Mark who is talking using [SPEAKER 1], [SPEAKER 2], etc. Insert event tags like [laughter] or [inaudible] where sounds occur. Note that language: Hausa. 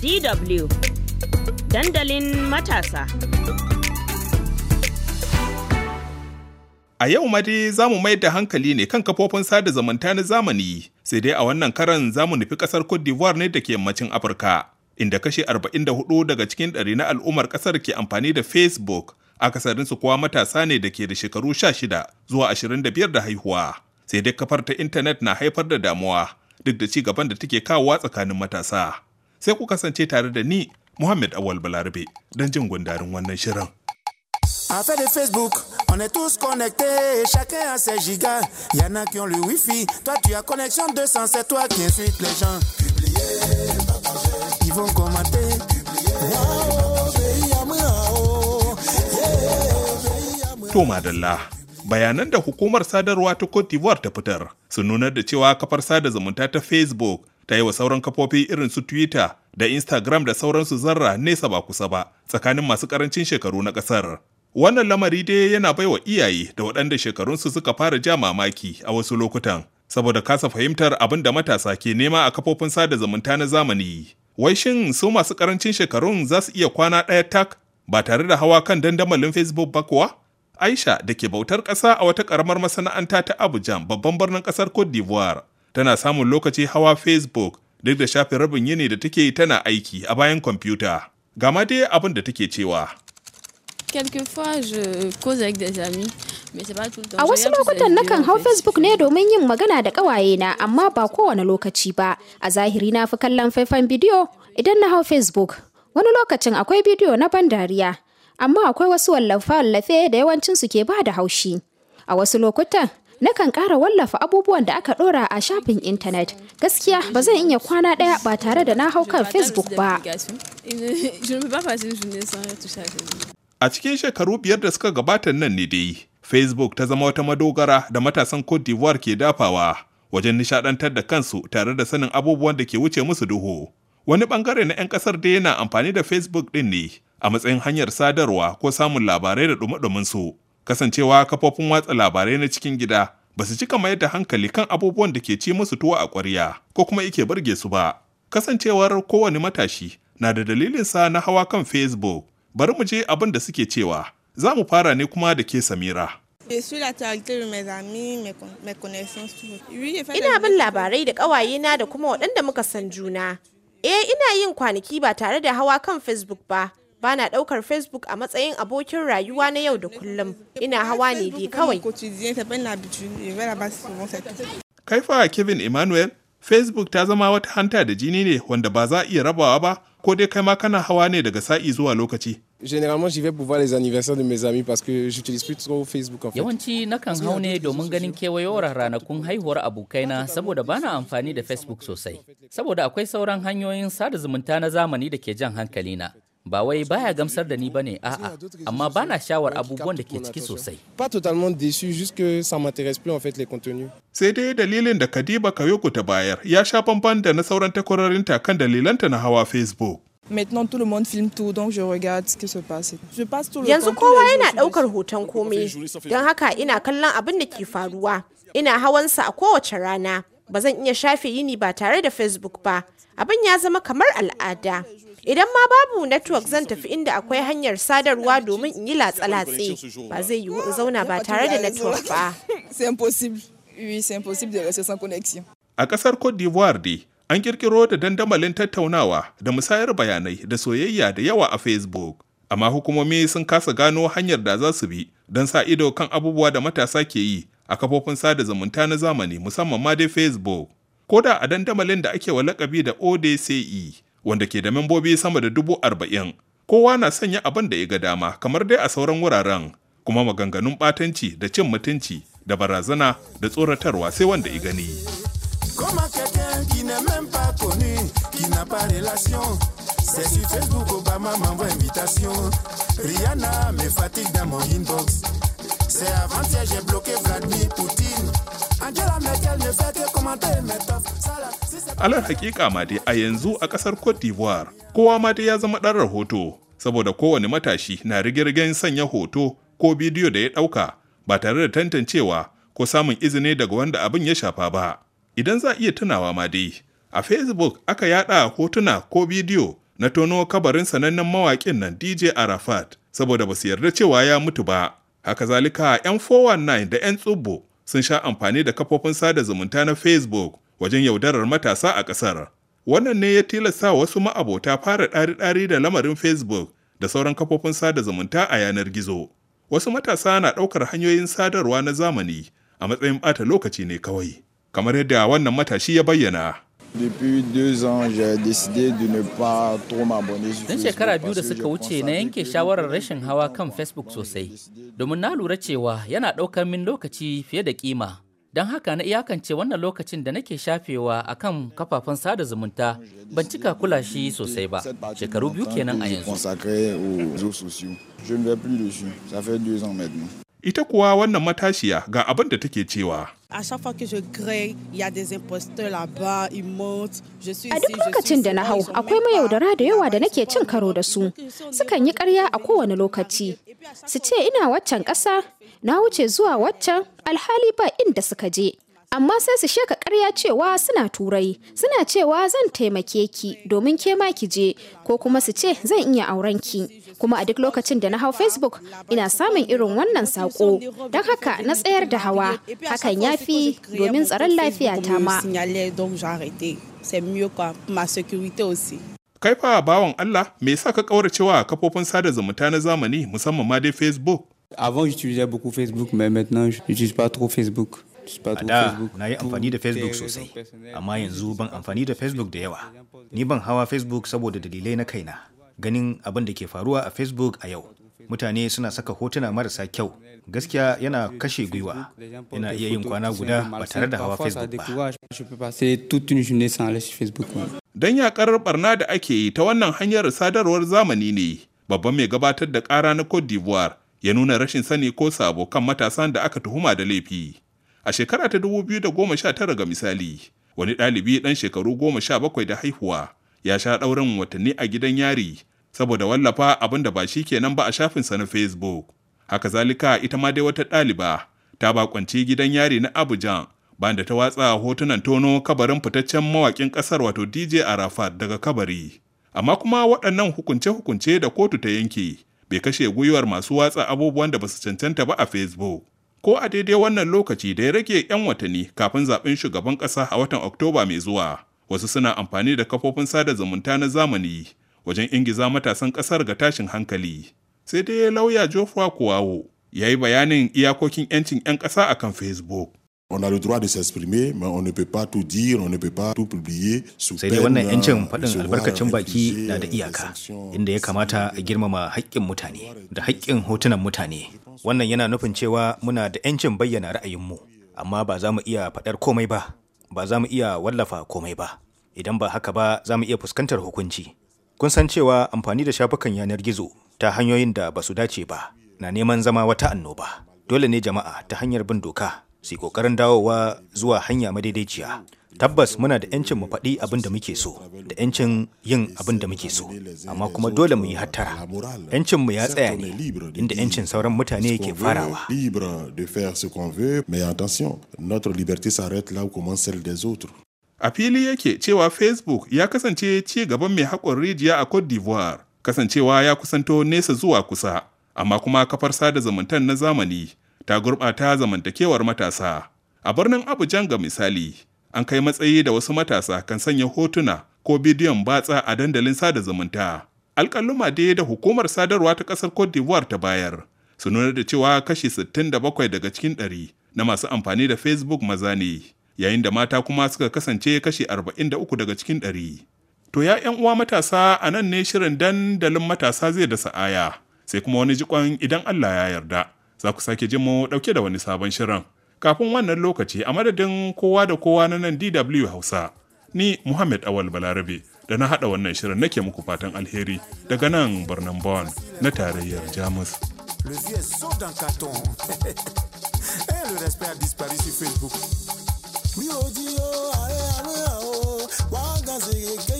[SPEAKER 1] DW dandalin matasa.
[SPEAKER 2] A yau ma dai za mu mai da hankali ne kan kafofin sada zamanta na zamani, sai dai a wannan karan za mu nufi ƙasar Cote d'Ivoire ne da ke yammacin Afirka, inda kashe 44 daga cikin ɗari na al'ummar ƙasar ke amfani da Facebook, akasarinsu kuwa matasa ne da ke da shekaru 16 zuwa 25 da haihuwa. Sai dai kafar ta intanet na haifar da damuwa duk da ci gaban da take kawowa tsakanin matasa. sai ku kasance tare da ni Muhammad Awal Balarabe don jin gundarin wannan shirin. A fait de Facebook, on est tous connectés, chacun a ses gigas. Y en a qui ont le wifi, toi tu as connexion 200, c'est toi qui insulte les gens. Publier, partager. Ils vont commenter. Publier, partager. To madalla, bayanan da hukumar sadarwa ta Cote d'Ivoire ta fitar sun nuna da cewa kafar sada zumunta ta Facebook ta yi wa sauran kafofi irin su Twitter da Instagram da sauransu zarra nesa ba kusa ba tsakanin masu karancin shekaru na ƙasar. Wannan lamari dai yana baiwa iyaye da waɗanda shekarunsu suka fara ja mamaki a wasu lokutan saboda kasa fahimtar abin da matasa ke nema a kafofin sada zumunta na zamani. Wai shin su masu karancin shekarun za su iya kwana ɗaya tak ba tare da hawa kan dandamalin Facebook ba kuwa? Aisha da ke bautar ƙasa a wata ƙaramar masana'anta ta Abuja babban birnin ƙasar Cote d'Ivoire tana samun lokaci hawa facebook duk da shafin rabin yini da take tana aiki a bayan kwamfuta ga ma dai abin da take cewa
[SPEAKER 1] A wasu lokutan nakan hau Facebook ne domin yin magana da na amma ba kowane lokaci ba. A zahiri na fi kallon faifan bidiyo idan na hau Facebook. Wani lokacin akwai bidiyo na ban dariya, amma akwai wasu wallafe-wallafe da yawancinsu ke ba da haushi. A wasu lokutan nakan ƙara wallafa abubuwan da aka ɗora a shafin intanet. Gaskiya ba zan iya kwana ɗaya ba tare da na hau kan Facebook ba.
[SPEAKER 2] A cikin shekaru biyar da suka gabata nan ne dai, Facebook ta zama wata madogara da matasan Cote d'Ivoire ke dafawa wajen nishadantar da kansu tare da sanin abubuwan da ke wuce musu duhu. Wani bangare na 'yan kasar da yana amfani da Facebook ɗin ne a matsayin hanyar sadarwa ko samun labarai da dumadumin su. kasancewa kafofin watsa labarai na cikin gida ba su cika mayar da hankali kan abubuwan da ke ci musu tuwo a ƙwarya ko kuma ike burge su ba kasancewar kowane matashi na da dalilinsa na hawa kan facebook bari mu je abin da suke cewa za mu fara ne kuma da ke samira
[SPEAKER 1] Ina bin labarai da ƙawayena da kuma waɗanda muka san juna. Eh ina yin kwanaki ba tare da hawa kan Facebook ba, bana daukar facebook a matsayin abokin rayuwa na yau da kullum ina hawa ne dai kawai
[SPEAKER 2] kaifa kevin emmanuel facebook ta zama wata hanta da jini ne wanda ba za a iya rabawa ba ko dai kai ma kana hawa ne daga sa'i zuwa lokaci Généralement, j'y vais pour Yawanci nakan hau ne domin ganin kewayowar ranakun haihuwar abokaina saboda bana amfani da Facebook sosai. Saboda akwai sauran hanyoyin sada zumunta na zamani da ke jan hankalina. ba wai baya gamsar da ni ba ne a'a amma ba na shawar abubuwan da ke ciki sosai sai dai dalilin da kadiba kayoko ta bayar ya sha bamban da na sauran ta kan dalilanta na hawa facebook
[SPEAKER 1] Maintenant Yanzu kowa yana daukar hoton komai don haka ina kallon abin da ke faruwa. Ina hawansa a kowace rana. Ba zan iya shafe yini ba tare da Facebook ba. abin ya zama kamar al'ada idan ma babu network zan tafi inda akwai hanyar sadarwa domin in yi latsa ba zai yiwu in zauna ba tare da network ba
[SPEAKER 2] a kasar cote d'ivoire dai an kirkiro da dandamalin tattaunawa da musayar bayanai da soyayya da yawa a facebook amma hukumomi sun kasa gano hanyar da za su bi don sa ido kan abubuwa da matasa ke yi a kafofin sada zumunta na zamani musamman ma dai facebook ko da a dandamalin da ake wa lakabi da ODCE wanda ke da membobi sama da dubu arba'in. Kowa na sanya abin da ya ga dama kamar dai a sauran wuraren kuma maganganun batanci da cin mutunci da barazana da tsoratarwa sai wanda ya gani. Facebook ma Rihanna me fatigue dans mon inbox. C'est avant-hier j'ai bloqué Vladimir Alar hakika ma dai a yanzu a ƙasar Cote d'Ivoire kowa ma dai ya zama ɗan rahoto saboda kowane matashi na rigirgen sanya hoto ko bidiyo da ya ɗauka ba tare da tantancewa ko samun izini daga wanda abin ya shafa ba. Idan za iya tunawa ma dai, a Facebook aka yada hotuna ko bidiyo na tono kabarin sanannen mawaƙin nan DJ Arafat saboda ba su yarda cewa ya mutu ba. Haka zalika 'yan 419 da 'yan tsubbo sun sha amfani da kafofin sada zumunta na Facebook wajen yaudarar matasa a ƙasar. Wannan ne ya tilasta wasu ma'abota fara ɗari-ɗari da lamarin Facebook da sauran kafofin sada zumunta a yanar gizo. Wasu matasa na ɗaukar hanyoyin sadarwa na zamani a matsayin ɓata lokaci ne kawai, kamar yadda wannan matashi ya bayyana. Tun shekara biyu da suka wuce na yanke shawarar rashin hawa kan Facebook sosai, domin na lura cewa yana ɗaukar min lokaci fiye da kima. don haka na iyakance wannan lokacin da nake shafewa a kan kafafen sada zumunta ban cika kula shi sosai ba shekaru biyu kenan a yanzu ita kuwa wannan matashiya ga abin da take cewa
[SPEAKER 1] A duk lokacin da na hau, akwai mayaudara da yawa da nake cin karo da su. Sukan yi karya a kowane lokaci. Su ce ina waccan ƙasa, na wuce zuwa waccan alhali ba inda suka je amma sai su sheka karya cewa suna turai suna cewa zan taimake ki domin ke ma ki je ko kuma su ce zan iya auren ki kuma a duk lokacin da na hau facebook ina samun irin wannan saƙo, don haka na tsayar da hawa hakan ya fi domin tsaron lafiya ta ma
[SPEAKER 2] kai fa bawan Allah me yasa ka kauracewa kafofin sada zumunta na zamani musamman ma dai facebook Avant, j'utilisais beaucoup Facebook, mais maintenant, je n'utilise pas trop Facebook. A da na yi amfani da Facebook sosai, amma yanzu ban amfani da Facebook da yawa. Ni ban hawa Facebook saboda dalilai na kaina, ganin abin da ke faruwa a Facebook a yau. Mutane suna saka hotuna marasa kyau, gaskiya yana kashe gwiwa, yana iya yin kwana guda ba tare da hawa Facebook ba. Don yakar barna da ake yi ta wannan hanyar sadarwar zamani ne, babban mai gabatar da ƙara na Cote d'Ivoire ya nuna rashin sani ko sabo kan matasan da aka tuhuma da laifi. A shekara ta dubu biyu da goma sha tara ga misali, wani ɗalibi ɗan shekaru goma sha bakwai da haihuwa ya sha ɗaurin watanni a gidan yari saboda wallafa abin da ba shi nan ba a shafinsa na Facebook. Haka zalika ita ma dai wata ɗaliba ta bakwanci gidan yari na Abujan ba da ta watsa hotunan tono kabarin fitaccen mawaƙin ƙasar wato DJ Arafat daga kabari. Amma kuma waɗannan hukunce-hukunce da kotu ta yanke bai kashe gwiwar masu watsa abubuwan da ba su cancanta ba a facebook ko a daidai wannan lokaci da ya rage 'yan watanni kafin zaben shugaban ƙasa a watan oktoba mai zuwa wasu suna amfani da kafofin sada zumunta na zamani wajen ingiza matasan ƙasar ga tashin hankali sai dai lauya jofra kuwawo ya yi bayanin iyakokin 'yancin 'yan ƙasa akan facebook On a le droit de s'exprimer, mais on ne peut pas tout dire, on ne peut pas tout publier. Sai dai wannan ‘yancin faɗin albarkacin baki na da iyaka, inda ya kamata a girmama haƙƙin mutane da haƙƙin hotunan mutane. Wannan yana nufin cewa muna da ‘yancin bayyana ra'ayinmu, amma ba za mu iya faɗar komai ba, ba za mu iya wallafa komai ba. Idan ba haka ba za mu iya fuskantar hukunci. Kun san cewa amfani da shafukan yanar gizo ta hanyoyin da ba su dace ba na neman zama wata annoba. Dole ne jama'a ta hanyar bin doka su ƙoƙarin dawowa zuwa hanya madaidaiciya tabbas muna da 'yancin mu faɗi abin da muke so da 'yancin yin abin da muke so amma kuma dole mu yi hattara 'yancin mu ya tsaya ne inda 'yancin sauran mutane ke farawa a fili yake cewa facebook ya kasance ci gaban mai haƙon rijiya a cote d'ivoire kasancewa ya kusanto nesa zuwa kusa amma kuma kafar sada zumuntar na zamani ta gurɓata zamantakewar matasa. A birnin Abujan ga misali, an kai matsayi da wasu matasa kan sanya hotuna ko bidiyon batsa a dandalin sada zumunta. Alƙaluma dai da hukumar sadarwa ta ƙasar Cote d'Ivoire ta bayar su nuna da cewa kashi sittin da bakwai daga cikin ɗari na masu amfani da Facebook maza ne, yayin da mata kuma suka kasance kashi arba'in 43 daga cikin ɗari. To ya ‘yan uwa matasa a nan ne shirin dandalin matasa zai da sa'aya, sai kuma wani jikon idan Allah ya yarda. za ku sake jin mu ɗauke da wani sabon shirin. Kafin wannan lokaci a madadin kowa da kowa na nan DW Hausa, ni Muhammad Awal Balarabe da na haɗa wannan shirin nake muku fatan alheri daga nan birnin Bonn na tarayyar Jamus. Le [laughs]